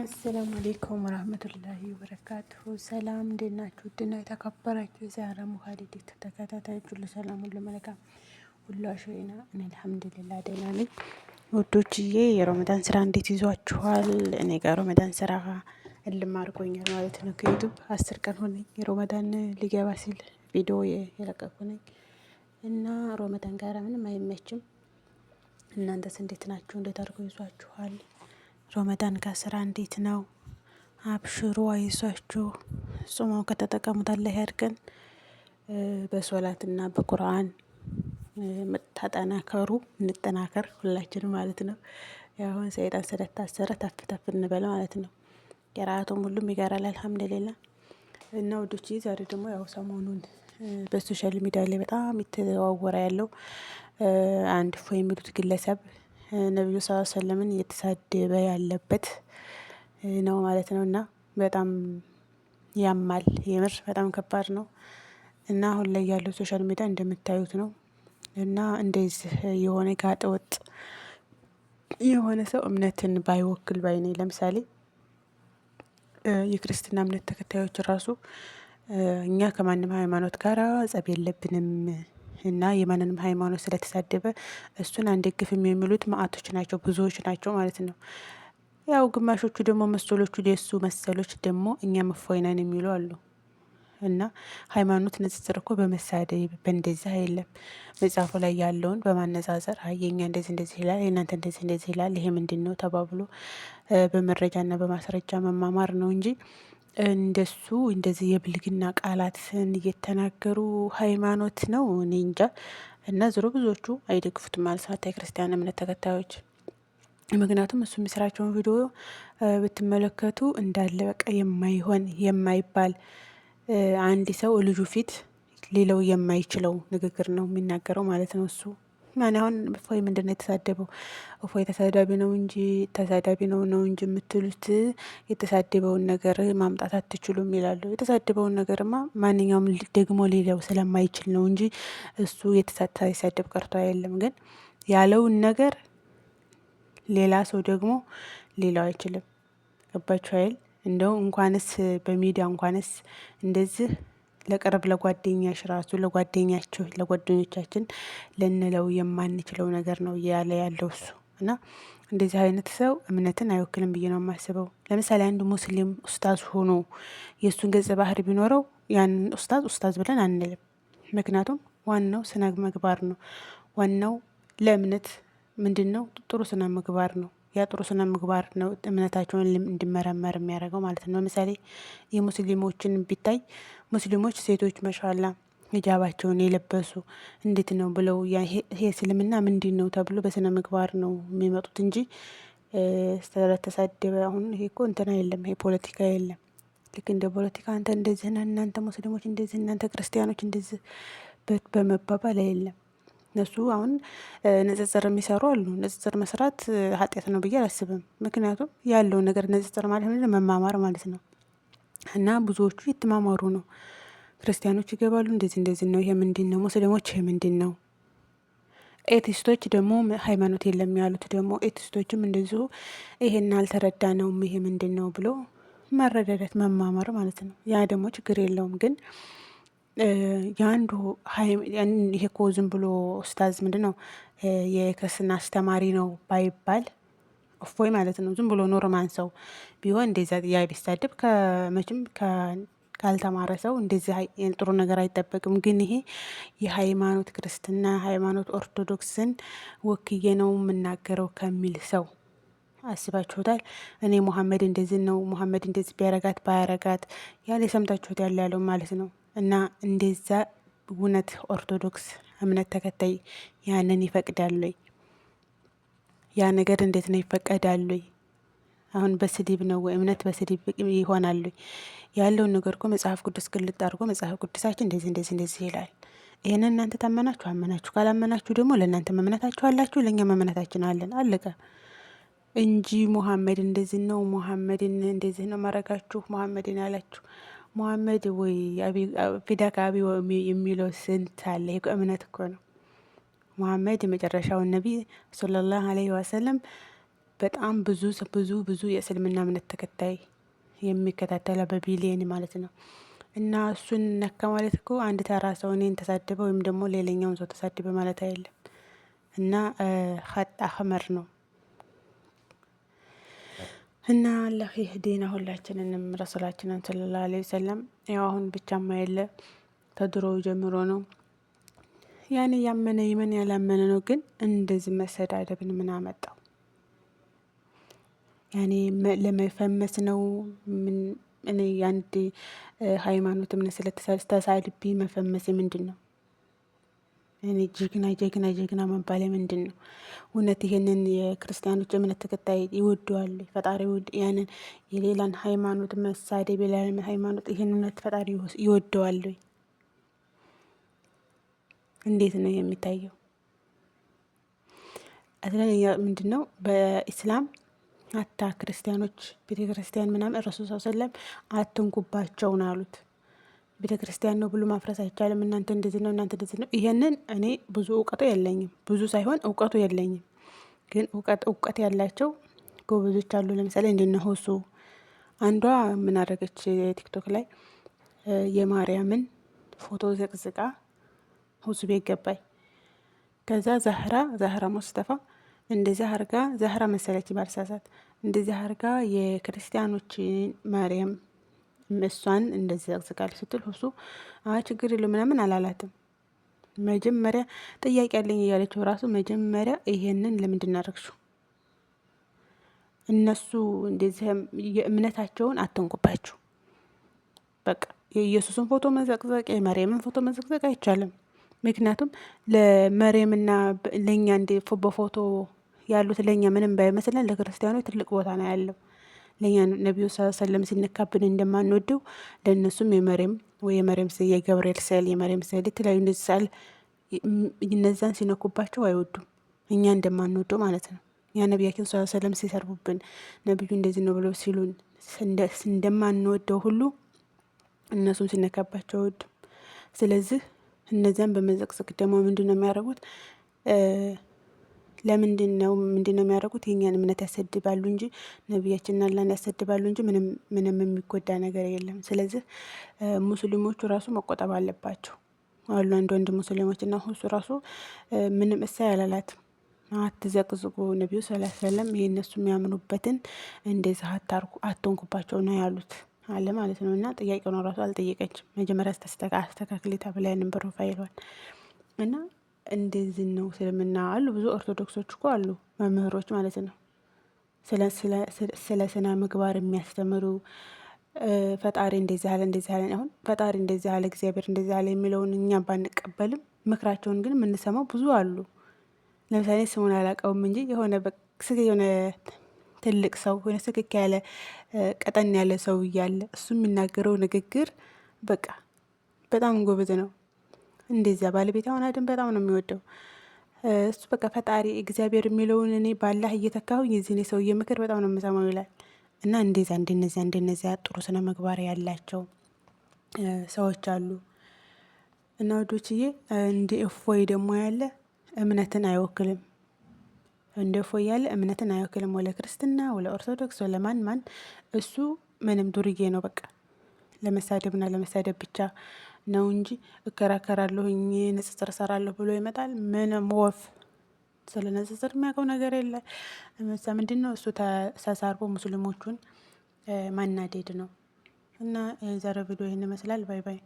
አሰላሙ አሌይኩም ወራህመቱላሂ ወበረካቱሁ። ሰላም እንዴት ናችሁ? ውድና የተከበራችሁ የዛራ ሙሀሊድ ተከታታዮች ሁሉ ሰላም ሁሉ መልካም ሁሉ አሸይና እኔ አልሐምዱሊላ ደህና ነኝ። ውዶችዬ የረመዳን ስራ እንዴት ይዟችኋል? እኔ ጋር ሮመዳን ስራ እልም አድርጎኛል ማለት ነው። ከዩቱብ አስር ቀን ሆነኝ የረመዳን ሊገባ ሲል ቪዲዮ የለቀኩ ነኝ እና ሮመዳን ጋር ምንም አይመችም። እናንተስ እንዴት ናችሁ? እንዴት አድርጎ ይዟችኋል? ሮመዳን ከስራ እንዴት ነው? አብሽሩ፣ አይዟችሁ ጾመው ከተጠቀሙት አላህ ያድርገን። በሶላትና በቁርአን ተጠናከሩ፣ እንጠናከር ሁላችን ማለት ነው። ያሁን ሰይጣን ስለታሰረ ተፍ ተፍ እንበል ማለት ነው። የራአቱም ሁሉም ይጋራል አልሐምዱሊላ። እና ውዶች፣ ዛሬ ደግሞ ያው ሰሞኑን በሶሻል ሚዲያ ላይ በጣም የተዘዋወረ ያለው አንድ ፎ የሚሉት ግለሰብ ነቢዩ ስ ሰለምን እየተሳደበ ያለበት ነው ማለት ነው። እና በጣም ያማል የምር በጣም ከባድ ነው። እና አሁን ላይ ያለው ሶሻል ሚዲያ እንደምታዩት ነው። እና እንደዚህ የሆነ ጋጠ ወጥ የሆነ ሰው እምነትን ባይወክል ባይኔ ለምሳሌ የክርስትና እምነት ተከታዮች ራሱ እኛ ከማንም ሃይማኖት ጋር ጸብ የለብንም እና የማንንም ሃይማኖት ስለተሳደበ እሱን አንደግፍም የሚሉት ማአቶች ናቸው፣ ብዙዎች ናቸው ማለት ነው። ያው ግማሾቹ ደግሞ መሰሎቹ የሱ መሰሎች ደግሞ እኛ መፎይናን የሚሉ አሉ። እና ሃይማኖት ንጽጽር እኮ በመሳደብ በእንደዚህ አይለም። መጽሐፉ ላይ ያለውን በማነጻጸር አይ የእኛ እንደዚህ እንደዚህ ይላል፣ የእናንተ እንደዚህ እንደዚህ ይላል፣ ይሄ ምንድን ነው ተባብሎ በመረጃና በማስረጃ መማማር ነው እንጂ እንደሱ እንደዚህ የብልግና ቃላትን እየተናገሩ ሃይማኖት ነው እኔ እንጃ። እና ዞሮ ብዙዎቹ አይደግፉትም ማለት ነው የክርስቲያን እምነት ተከታዮች። ምክንያቱም እሱ የሚሰራቸውን ቪዲዮ ብትመለከቱ እንዳለ በቃ የማይሆን የማይባል አንድ ሰው ልጁ ፊት ሌለው የማይችለው ንግግር ነው የሚናገረው ማለት ነው እሱ ማን አሁን እፎይ ምንድን ነው የተሳደበው? እፎይ ተሳዳቢ ነው እንጂ ተሳዳቢ ነው ነው እንጂ የምትሉት የተሳደበውን ነገር ማምጣት አትችሉም ይላሉ። የተሳደበውን ነገርማ ማንኛውም ደግሞ ሌላው ስለማይችል ነው እንጂ እሱ የተሳደብ ቀርቶ አይደለም። ግን ያለውን ነገር ሌላ ሰው ደግሞ ሌላው አይችልም። ገባችሁ አይደል? እንደው እንኳንስ በሚዲያ እንኳንስ እንደዚህ ለቅርብ ለጓደኛሽ ራሱ ለጓደኛቸው ለጓደኞቻችን ልንለው የማንችለው ነገር ነው እያለ ያለው እሱ እና እንደዚህ አይነት ሰው እምነትን አይወክልም ብዬ ነው የማስበው። ለምሳሌ አንድ ሙስሊም ኡስታዝ ሆኖ የእሱን ገጸ ባህሪ ቢኖረው ያንን ኡስታዝ ኡስታዝ ብለን አንልም። ምክንያቱም ዋናው ስነ ምግባር ነው። ዋናው ለእምነት ምንድን ነው? ጥሩ ስነ ምግባር ነው። ጥሩ ስነ ምግባር ነው እምነታቸውን እንዲመረመር የሚያደርገው ማለት ነው። ለምሳሌ የሙስሊሞችን ቢታይ ሙስሊሞች ሴቶች መሻላ ሂጃባቸውን የለበሱ እንዴት ነው ብለው ይሄ እስልምና ምንድን ነው ተብሎ በስነ ምግባር ነው የሚመጡት እንጂ ስለተሳደበ አሁን ይሄ እኮ እንትና የለም ይሄ ፖለቲካ የለም። ልክ እንደ ፖለቲካ አንተ እንደዚህ እናንተ ሙስሊሞች እንደዚህ እናንተ ክርስቲያኖች እንደዚህ በመባባል የለም። እነሱ አሁን ንጽጽር የሚሰሩ አሉ። ንጽጽር መስራት ኃጢአት ነው ብዬ አላስብም። ምክንያቱም ያለው ነገር ንጽጽር ማለት መማማር ማለት ነው እና ብዙዎቹ የተማማሩ ነው። ክርስቲያኖች ይገባሉ፣ እንደዚህ እንደዚህ ነው፣ ይሄ ምንድን ነው? ሙስሊሞች ይሄ ምንድን ነው? ኤቲስቶች ደግሞ ሃይማኖት የለም ያሉት ደግሞ ኤቲስቶችም እንደዚሁ ይሄን አልተረዳ ነውም ይሄ ምንድን ነው ብሎ መረዳዳት መማማር ማለት ነው። ያ ደግሞ ችግር የለውም ግን የአንዱ ይሄ ኮ ዝም ብሎ ኡስታዝ ምንድን ነው የክርስትና አስተማሪ ነው ባይባል እፎይ ማለት ነው። ዝም ብሎ ኖርማን ሰው ቢሆን እንደዚያ ያ ቢሳደብ ከመቼም ካልተማረ ሰው እንደዚህ ጥሩ ነገር አይጠበቅም። ግን ይሄ የሃይማኖት ክርስትና ሃይማኖት ኦርቶዶክስን ወክዬ ነው የምናገረው ከሚል ሰው አስባችሁታል? እኔ ሙሐመድ እንደዚህ ነው ሙሐመድ እንደዚህ ቢያረጋት ባያረጋት ያለ ሰምታችሁት ያለ ያለው ማለት ነው። እና እንደዛ እውነት ኦርቶዶክስ እምነት ተከታይ ያንን ይፈቅዳሉይ? ያ ነገር እንዴት ነው ይፈቀዳሉይ? አሁን በስድብ ነው ወይ እምነት በስድብ ይሆናሉይ? ያለውን ነገር እኮ መጽሐፍ ቅዱስ ግልጥ አድርጎ መጽሐፍ ቅዱሳችን እንደዚህ እንደዚህ እንደዚህ ይላል። ይህን እናንተ ታመናችሁ አመናችሁ፣ ካላመናችሁ ደግሞ ለእናንተ መምናታችሁ አላችሁ፣ ለእኛ መምናታችን አለን። አለቀ እንጂ ሙሐመድ እንደዚህ ነው፣ ሙሐመድን እንደዚህ ነው ማረጋችሁ፣ ሙሐመድን አላችሁ መሐመድ ወይ ፊዳካ አቢ የሚለው ስንት አለ? እምነት እኮ ነው። መሐመድ የመጨረሻውን ነቢይ ሰለላሁ አለይሂ ወሰለም በጣም ብዙ ብዙ ብዙ የእስልምና እምነት ተከታይ የሚከታተለ በቢሊየን ማለት ነው። እና እሱን ነካ ማለት እኮ አንድ ተራ ሰው እኔን ተሳድበ ወይም ደግሞ ሌላኛውን ሰው ተሳድበ ማለት አይደለም። እና ሀጥ አህመር ነው እና አላህ ይህዲና ሁላችንንም ረሱላችንን ሰለላሁ ዐለይሂ ወሰለም። ያው አሁን ብቻማ የለ ተድሮ ጀምሮ ነው። ያን ያመነ ይመን ያላመነ ነው። ግን እንደዚህ መሰዳደብን ምን አመጣው? ያኔ ለመፈመስ ነው። እኔ የአንድ ሃይማኖት እምነት ስለተሳድቢ መፈመስ ምንድን ነው? እኔ ጀግና ጀግና ጀግና መባል ምንድን ነው እውነት? ይህንን የክርስቲያኖች እምነት ተከታይ ይወደዋል ፈጣሪ ውድ ያንን የሌላን ሃይማኖት መሳደብ የሌላን ሃይማኖት ይህን እምነት ፈጣሪ ይወደዋል ወይ? እንዴት ነው የሚታየው? አስለኛ ምንድን ነው በኢስላም አታ ክርስቲያኖች ቤተ ክርስቲያን ምናምን ረሱል ሰለም አትንኩባቸውን አሉት። ቤተ ክርስቲያን ነው ብሎ ማፍረስ አይቻልም። እናንተ እንደዚህ ነው፣ እናንተ እንደዚህ ነው። ይሄንን እኔ ብዙ እውቀቱ የለኝም፣ ብዙ ሳይሆን እውቀቱ የለኝም። ግን እውቀት እውቀት ያላቸው ጎበዞች አሉ። ለምሳሌ እንድነሆሱ አንዷ ምን አደረገች? ቲክቶክ ላይ የማርያምን ፎቶ ዘቅዝቃ ሁሱ ቤት ገባይ። ከዛ ዛህራ ዛህራ ሙስተፋ እንደዚህ አርጋ ዛህራ መሰለች ባልሳሳት እንደዚህ አርጋ የክርስቲያኖችን ማርያም እሷን እንደዚህ ዘቅዝቃል ስትል እሱ አይ ችግር የለው ምናምን አላላትም። መጀመሪያ ጥያቄ ያለኝ እያለችው ራሱ መጀመሪያ ይሄንን ለምንድን አደረግሽው? እነሱ እንደዚህ የእምነታቸውን አትንኩባችሁ። በቃ የኢየሱስን ፎቶ መዘቅዘቅ የመሬምን ፎቶ መዘቅዘቅ አይቻልም። ምክንያቱም ለመሬምና ለእኛ እንደ በፎቶ ያሉት ለእኛ ምንም ባይመስለን ለክርስቲያኖች ትልቅ ቦታ ነው ያለው። ለእኛ ነቢዩ ሰለም ሲነካብን እንደማንወደው ለእነሱም የመሬም ወይ የመሬም ስ የገብርኤል ስዕል፣ የመሬም ስዕል የተለያዩ እንደዚህ ስዕል እነዛን ሲነኩባቸው አይወዱም፣ እኛ እንደማንወደው ማለት ነው። ያ ነቢያችን ስ ሰለም ሲሰርቡብን ነቢዩ እንደዚህ ነው ብለው ሲሉን እንደማንወደው ሁሉ እነሱም ሲነካባቸው አይወዱም። ስለዚህ እነዚያን በመዘቅዘቅ ደግሞ ምንድን ነው የሚያደርጉት? ለምንድን ነው ምንድን ነው የሚያደርጉት? የኛን እምነት ያሰድባሉ እንጂ ነቢያችንን አላህን ያሰድባሉ እንጂ ምንም የሚጎዳ ነገር የለም። ስለዚህ ሙስሊሞቹ ራሱ መቆጠብ አለባቸው አሉ አንድ ወንድ ሙስሊሞች እና ሁሱ ራሱ ምንም እሳ ያላላት አትዘቅዝቁ ነቢዩ ሰለላሁ ዐለይሂ ይህ እነሱ የሚያምኑበትን እንደዚህ አታርጉ አትንኩባቸው ነው ያሉት አለ ማለት ነው። እና ጥያቄ ነው ራሱ አልጠየቀችም። መጀመሪያ አስተካክል ተብላ ያንን ፕሮፋይሏን እና እንደዚህ ነው እስልምና አሉ። ብዙ ኦርቶዶክሶች እኮ አሉ መምህሮች ማለት ነው ስለ ስነ ምግባር የሚያስተምሩ ፈጣሪ እንደዚህ አለ እንደዚህ አለ አሁን ፈጣሪ እንደዚህ አለ እግዚአብሔር እንደዚህ አለ የሚለውን እኛ ባንቀበልም ምክራቸውን ግን የምንሰማው ብዙ አሉ። ለምሳሌ ስሙን አላውቀውም እንጂ የሆነ የሆነ ትልቅ ሰው የሆነ ስግክ ያለ ቀጠን ያለ ሰው እያለ እሱ የሚናገረው ንግግር በቃ በጣም ጎበዝ ነው። እንደዚያ ባለቤት አሁን አደም በጣም ነው የሚወደው እሱ በቃ ፈጣሪ እግዚአብሔር የሚለውን እኔ ባላህ እየተካሁኝ የዚህ እኔ ሰውዬ ምክር በጣም ነው የምሰማው ይላል። እና እንደዚያ እንደነዚያ እንደነዚያ ጥሩ ስነ ምግባር ያላቸው ሰዎች አሉ። እና ወዶችዬ እንደ እፎይ ደግሞ ያለ እምነትን አይወክልም። እንደ እፎይ ያለ እምነትን አይወክልም። ወለ ክርስትና ወለ ኦርቶዶክስ ወለ ማን ማን እሱ ምንም ዱርዬ ነው። በቃ ለመሳደብና ለመሳደብ ብቻ ነው እንጂ እከራከራለሁ፣ ንጽጽር ሰራለሁ ብሎ ይመጣል። ምንም ወፍ ስለ ንጽጽር የሚያውቀው ነገር የለ። ምንድን ነው እሱ ተሳሳርቦ ሙስሊሞቹን ማናደድ ነው። እና የዛሬው ቪዲዮ ይህን ይመስላል። ባይ ባይ።